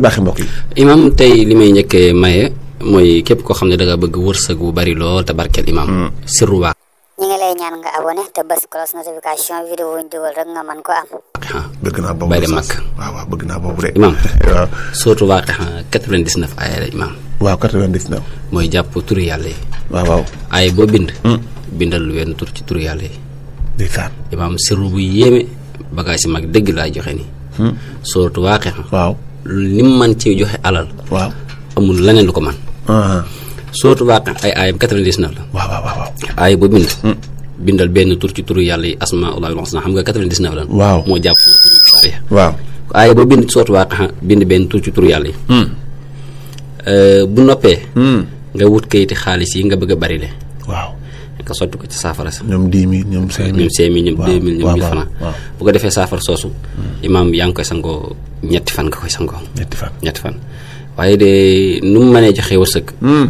bu mbokk yi. imam tey li may njëkkee maye mooy képp koo xam ne da nga bëgg wërsëg bu bari lool te barkeel imam. Hmm. sirru waa. ñi nga lay ñaan nga abonné te bës cross notification vidéo ñu dugal rek nga man ko am. bëgg naa boobu bari dem mag waaw waaw bëgg naa boobu rek imam waaw surtout waa 99 aaya la imam. waaw 99. mooy jàpp turu yàlla yi. waaw waaw aay boo bind. Hmm. bindal wenn tur ci turu yàlla yi. ndeysaan imam sirru bu yéeme bagage yi mag dëgg laa joxe ni. Hmm. surtout waa waaw. li man ci joxe alal. waaw amul leneen lu ko man uh-huh. sootu waaqe ay aayam 99 la. waaw waaw waaw. aay bu bind. Hmm. bindal benn tur ci turu yàlla yi asmaa ulaahi al-husnaa xam nga 99 la. waaw moo jàpp turu waaw aaya ba bind sootu waaqe bind benn tur ci turu yàlla yi. Hmm. Euh, bu noppee. Hmm. nga wut kayiti xaalis yi nga bëgg a bari le waaw nga sotti ko ci saafara sa ñoom dix mille ñoom cinq mille ñoom cinq mille ñoom deux mille ñoom mille franc bu ko defee saafara soosu imaam yaa ngi koy sangoo ñetti fan nga koy sangoo ñetti fan waaye de nu mu mënee joxee wërsëg hmm.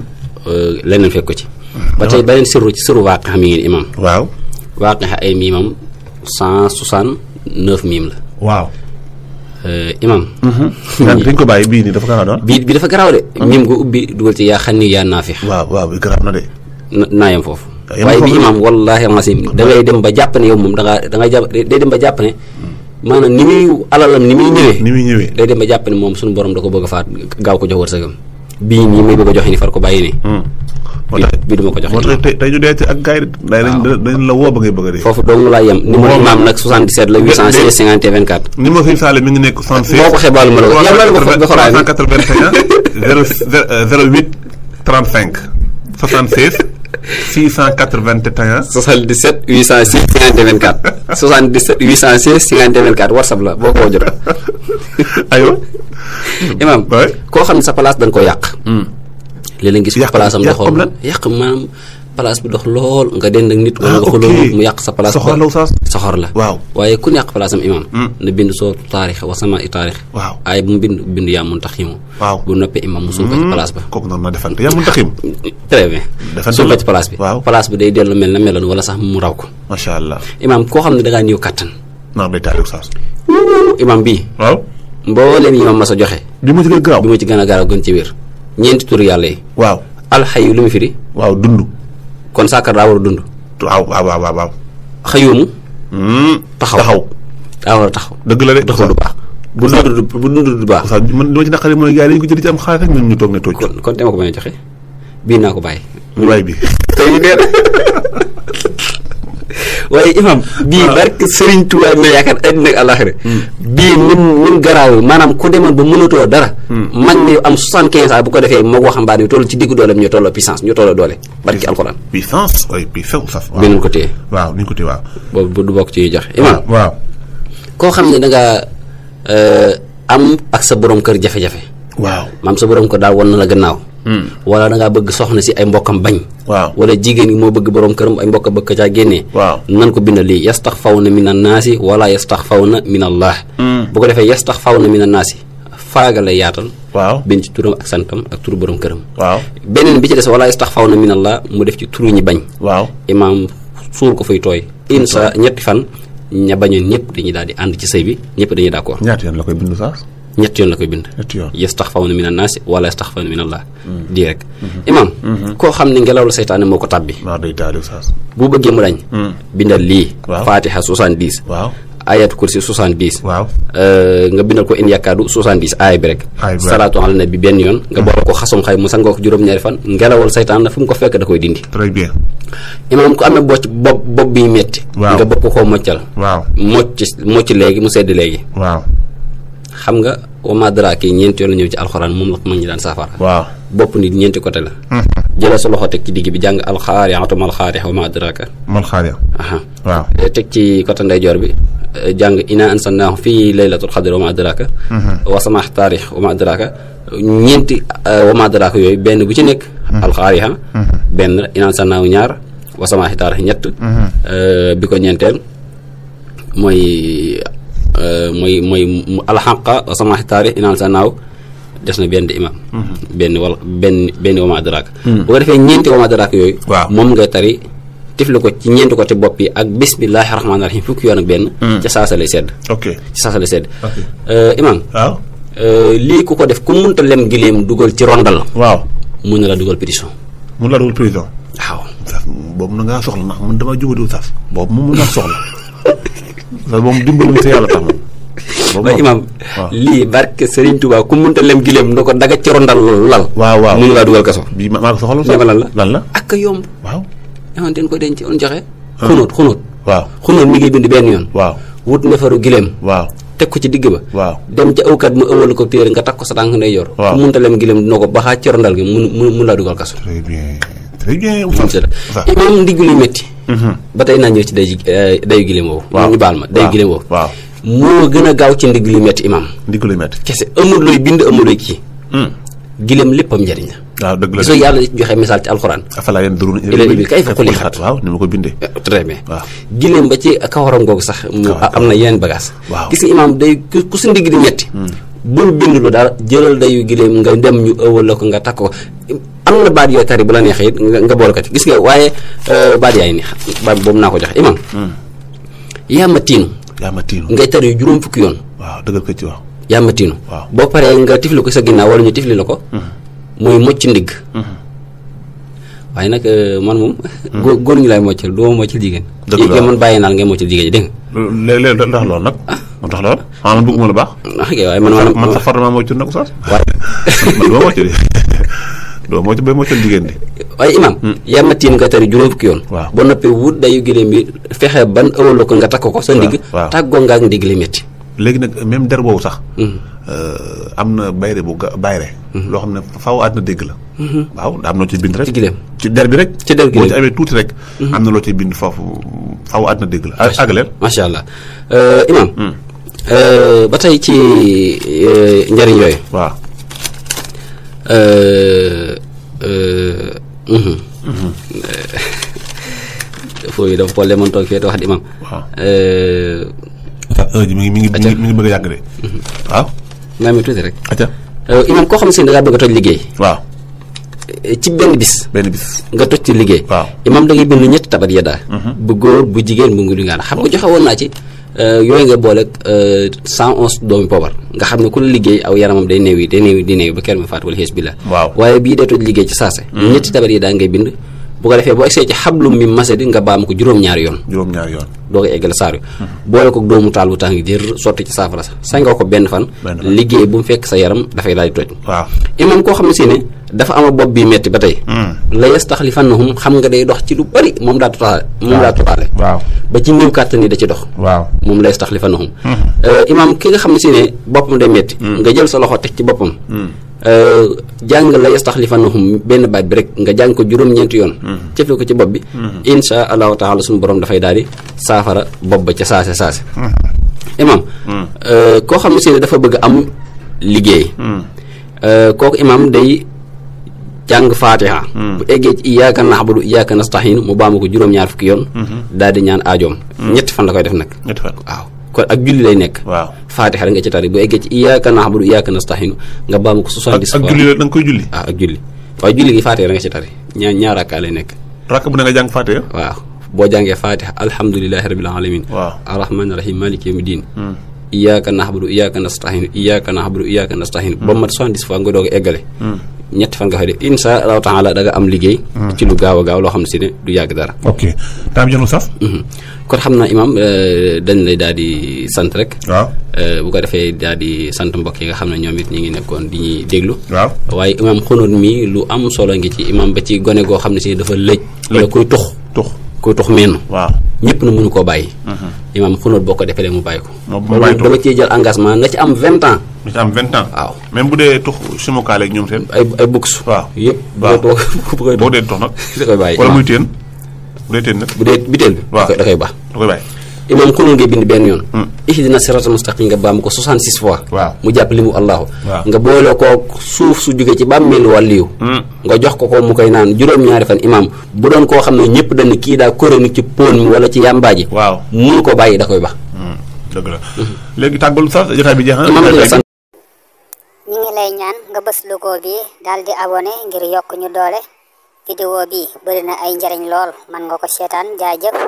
euh, leneen fekk ko ci ba tey beneen sirru ci sirru waaqe xam mi ngeen imaam waaw waaqe ay miimam cent soixante neuf miim la waaw euh, imam dañ mhm. ko bàyyi bii nii bi dafa garaaw de ah. hmm. miim ko ubbi dugal ci yaa xam ni yaa naafix waaw waaw bi garaaw na de naayam foofu waaye bi imam wallahi masim da ngay dem ba jàpp ne yow moom da nga da nga jàpp day dem ba jàpp ne maanaam ni muy alalam ni muy ñëwee ni muy ñëwee day dem ba jàpp ne moom suñu borom da ko bëgg a faat gaaw ko jox wërsëgam bii nii may bëgg a joxe ni far ko bàyyi ni moo tax bi duma ko joxe moo tax tey ñu dee ci ak gaay day dañ dañ la woo ba ngay bëgg a dee foofu dong laa yem ni ma imam nag 77 la 806 50 24 ni ma fi saale mi ngi nekk 76 boo ko xebaalu ma la ko la ko nga xoraay 0 08 35 76 681. 77 806 54 77 806 54 WhatsApp la boo ko jot. aywa. imaam koo xam ne sa place dañ ko yàq. Hmm. léeg-léeg gis ko place la yàq maanaam. place bu dox lool nga dendeng nit wala nga xuloo mu yak sa place soxor la oustaz soxor la waaw waye ku yàq place am imam hmm. ne bind so tarikh wa sama tarikh taarix waaw ay bu bind bind ya mun taximu waaw bu noppee imam mu suufa place hmm. ba kok non ma defal ya mun taxim très bien suufa ci place bi place bi day delu mel na meloon wala sax mu raw ko ma sha allah imam ko xam da nga néew katan na day tarikh oustaz imam bii waaw mbooleem imam ma sa joxe bi ma ci gëna graw bi ma ci gëna graw gën ci wér ñent tour yalla yi al hayy lu mi firi waaw dundu kon Saakaar daa war a dund. waaw waaw waaw waaw. mu hmm. taxaw taxaw. daa war a taxaw. dëgg la de taxaw du baax. bu dund bu dund du baax. waaw man dama ci naqaree mooy gars yi dañu ko jëli ci am xaalis rek ñun ñu toog ne tooj. kon kon dama ko mën joxe bii naa ko bàyyi. mu bàyyi bi tey ñu dee waaye imam bii barke Serigne Touba bi yaakaar àddina ak àllaaxira hmm. bii mun mun garaaw maanaam ku demoon ba mënatoo dara hmm. mag ni am soixante-quinze ans bu ko defee moo waxambaane toll ci diggu dooleem ñu tolloo puissance ñu tolloo doole barki alxuraan puissance oui puissance bi nuñ ko téye waaw nuñ ko téye waaw boobu du bokk ci joxe imam koo xam ne dangaa euh, am ak sa borom kër jafe-jafe waaw maam sa borom kër daal won na la gannaaw Hmm. wala da ngaa bëgg soxna si ay mbokkam bañ waaw wala jigéen gi moo bëgg borom këram ay mbokka bëgg caa génne waaw nan ko bindal lii yastaxfawna min annaasi wala yastaxfawna min allah hmm. bu ko defee yastaxfawna min annaasi faaga la yaatal waaw bind ci turam ak santam ak turu borom këram waaw beneen bi ci des wala yastaxfawna min allah mu def ci turu ñi bañ waaw imaam suul ko fay tooy insa ñetti fan ña bañoon ñëpp dañuy daal di ànd ci sëy bi ñëpp dañuy d'accord ñaata yoon la koy bind saas ñett yoon la koy bind yastaxfawna min annaas wala yastaxfawna min allah mm-hmm. di rek mm-hmm. imam mm-hmm. koo xam ne ngelaw la seytaane moo ko tàbbi bu bëggee mu dañ mm. bindal lii fatiha 70 ayat kursi 70 waaw euh nga bindal ko in yakadu 70 ay bi rek salatu ala nabi ben yon nga bo ko xassum xay mu sango ko juroom ñaari fan ngelawal shaytan la fu ko fekk da koy dindi très bien imam ko amé bocc bob bob bi metti nga bokk ko moccal waaw mocc mocc legi mu sedd legi waaw xam nga wa madraki ñent yoon ñew ci alxuraan mom la ko mag ñi daan saafara waaw bop nit ñent côté la jëla sa loxo tek ci digg bi jàng alxaariatu mal khariha wa madraka mal khariha aha waaw eh, tek ci côté jor bi eh, Jang ina ansana, fi laylatul qadr wa madraka mhm. wa samah tarikh wa madraka ñent eh, wa madraka yoy yooyu benn bu ci nekk mhm. alxaariha mhm. benn ina ansana ñaar wa samah tarikh ñett euh biko ñentel moy moy eh, mooy alxaqa sama taarix inaan sa naaw na benn imam mhm. ben wal ben benn wama adrak mhm. bu ko ñent ñeenti wama adrak yooyu mom ngay tari tiflu ko ci ñent ko ci bop yi ak bismillahir rahmanir rahim fuk yoon ak ben mhm. ci sedd ok ci lay sedd eh, imam waaw eh, lii ku ko def ku munta lem gilem duggal ci rondal waaw mu na la duggal prison mu la duggal prison waaw boobu na soxla nak man dama jubadiw saf boobu mu soxla loolu moom dimbalum si yàlla tax moom ba imam Li barke Serigne Touba ku munta lem gileem na daga ci rondal lal waaw waaw mënu laa dugal kaso bi maa ko soxla sax lan la lan la ak yomb waaw ñoo den ko denc on joxe ah. xunóot xunóot waaw xunóot mi ngi bind benn yoon waaw wut nefaru gileem waaw teg ko ci digg ba waaw dem ca awkat mu ëwal ko téere nga takk ko sa tànk ndey yor waaw munta lem gileem dina ko baxaa ci rondal gi mun mun dugal kaso très bien très bien imam ndigg metti Mhm. ba tey naa ñëw ci eh, dayu dayu gileem woowu. ñu baal ma dayu gileem woowu. waaw moo gën a gaaw ci ndigg lu métti imam. ndigg lu métti kese amul looy bind amul looy kii. Hmm. gileem léppam njëriñ la. waaw dëgg la gisoo yàlla joxe misaal ci alxuraan. afala yéen duru ilay kay fa ko li xat waaw ni ma ko bindee. Eh, très bien waaw gileem ba kawaram googu sax. am na yeneen bagage waaw gis nga day ku si ndigg di métti. Hmm. bul bind lu dara jëlal dayu gileem nga dem ñu ëwal ko nga takk ko am na baat yoo tari bu la neexee nga nga boole ko ci gis nga waaye baat yaay ni ba boobu naa ko jox imam yaa ma tiinu yaa ma tiinu ngay tari juróom fukki yoon waaw dëggal ko ci wax yaa ma tiinu waaw boo paree nga tifli ko sa ginnaaw wala ñu tifli la ko muy mocc ndigg waaye nag man moom góor ñu lay moccal du ma moccal jigéen dëgg la man bàyyi naa ngay moccal jigéen ji dégg nga léeg ndax loolu nag ndax loolu xanaa bëgguma la baax man man man sa farma moccu nag sax waaye man du ma moccu doo moytu ba moytal jigéen di waaye imam hmm. yaa nga tari juróom fukki yoon waaw ba noppi wut dayu giléem yi fexe ban ëwaloo ko nga takk ko sa ndigg tàggoo nga ak ndigg li métti léegi nag même der boobu sax hmm. euh, am na bayre bu bayre hmm. loo xam ne faw àdduna dégg la waaw am na loo ciy bind rek ci giléem der bi rek ci der giléem boo ci amee tuuti rek am na loo ciy bind foofu faaw àdduna dégg la àggaleel macha allah euh, imam euh, ba tey ci njëriñ yooyu waaw Euh, euh. mhm. foofu dafa Paul Lemon toog fee wax di imam. waaw. ngi bëgg a yàgg de. waaw. naa mi tuuti rek. Euh, imam koo xam si da bëgg a toj liggéey. waaw. ci benn bis. benn bis nga toj ci liggéey. waaw imam da bind ñetti tabat yeddaa. Mhm. bu góor bu jigéen bu ngi lu xam nga joxe woon naa ci. Euh, yooyu nga boole euh, cent onze doomi poobar nga xam ne ku la liggéey aw yaramam day néew yi day néew yi di néew ba kër ma faatu wala xees bi la waaw waaye bii deetoj liggéey ci saase hmm. ñetti tabar yi daa ngay bind bu ko defee boo egsee ci xablum mi masadi nga baam ko juróom-ñaari yoon juróom-ñaari yoon doo ko eggale saar yu hmm. boole ko doomu taal bu tàng jër sotti ci saafara sa sa nga ko benn fan liggéey bu mu fekk sa yaram dafay daal di toj waaw imam koo xam ne si dafa ama bopp bi metti ba tey hmm. la yastaxlifannahum xam nga day dox ci lu bari moom daa tutaale moom daa tutaale waaw ba ci néew kàttan da ci dox waaw moom la yastaxlifannahum hmm. euh, imaam ki nga xam ne si ne boppam day metti hmm. nga jël sa loxo teg ci boppam euh, jàng la yastaxlifannahum benn baat bi rek nga jàng ko juróom-ñeenti yoon cëfe ko ci bopp bi insha allahu taala suñu borom dafay daal di saafara bopp ba ca saase saase imaam euh, koo xam ne si ne dafa bëgg am liggéey kooku imaam day jang fatiha hmm. bu egge ci iyyaka na'budu iyyaka nasta'in mu baamu ko juróom ñaar fukki yoon hmm. daal di ñaan aajoom hmm. ñetti fan la koy def nak ñetti fan waaw kon ak julli lay nek waaw fatiha nga ci tari bu egge ci iyyaka na'budu iyyaka nasta'in nga baamu ko 70 ak julli da nga koy julli ah ak julli waaye julli gi fatiha nga ci tari ñaar ñaar rakka lay nek rakk bu nga jang fatiha waaw bo jàngee fatiha alhamdulillahi rabbil alamin waaw arrahmanir rahim maliki yawmiddin iyyaka na'budu iyyaka nasta'in iyyaka na'budu iyyaka nasta'in ba mat 70 fois nga doog eggale ñetti fan nga xëy de insha allahu taala nga am liggéey. Hmm. ci lu gaaw a gaaw loo xam ne si ne du yàgg dara. ok taam jëlu sax. Hmm. kon xam na imaam euh, dañ lay daal di sant rek. waaw euh, bu ko defee daal di sant mbokk yi nga xam ne ñoom it ñu ngi nekkoon di ñuy déglu. waaw waaye imaam xunóot mi lu am solo ngi ci imaam ba ci gone goo xam ne si dafa lëj. wala kuy tux tux kuy tux meenu. waaw ñëpp na mënu koo bàyyi. Hmm. imaam xunóot boo ko defee mu bàyyi ko. dama ciy ci am vingt lu ci am vingt bi. waaw da koy baax da koy bàyyi. imaam xulul ngay bind benn yoon. Hmm. ihdina siraatal mustaqim nga baam mu jàpp limu allahu. nga boole ko suuf su jóge ci bàmmeel wàlliyu hmm. nga jox ko ko mu koy naan juróom-ñaari fan imaam bu doon koo xam ne ñëpp dañu kii daa koroni ci pon mi wala ci yàmbaaji. waaw mënu ko bàyyi da koy baax. Hmm. dëgg la léegi tàggalu sax jotaay bi jeex lay ñaan nga bës logo bi daal di abonné ngir yokk ñu doole vidéo bi bëri na ay njariñ lool man nga ko seetaan jaajëf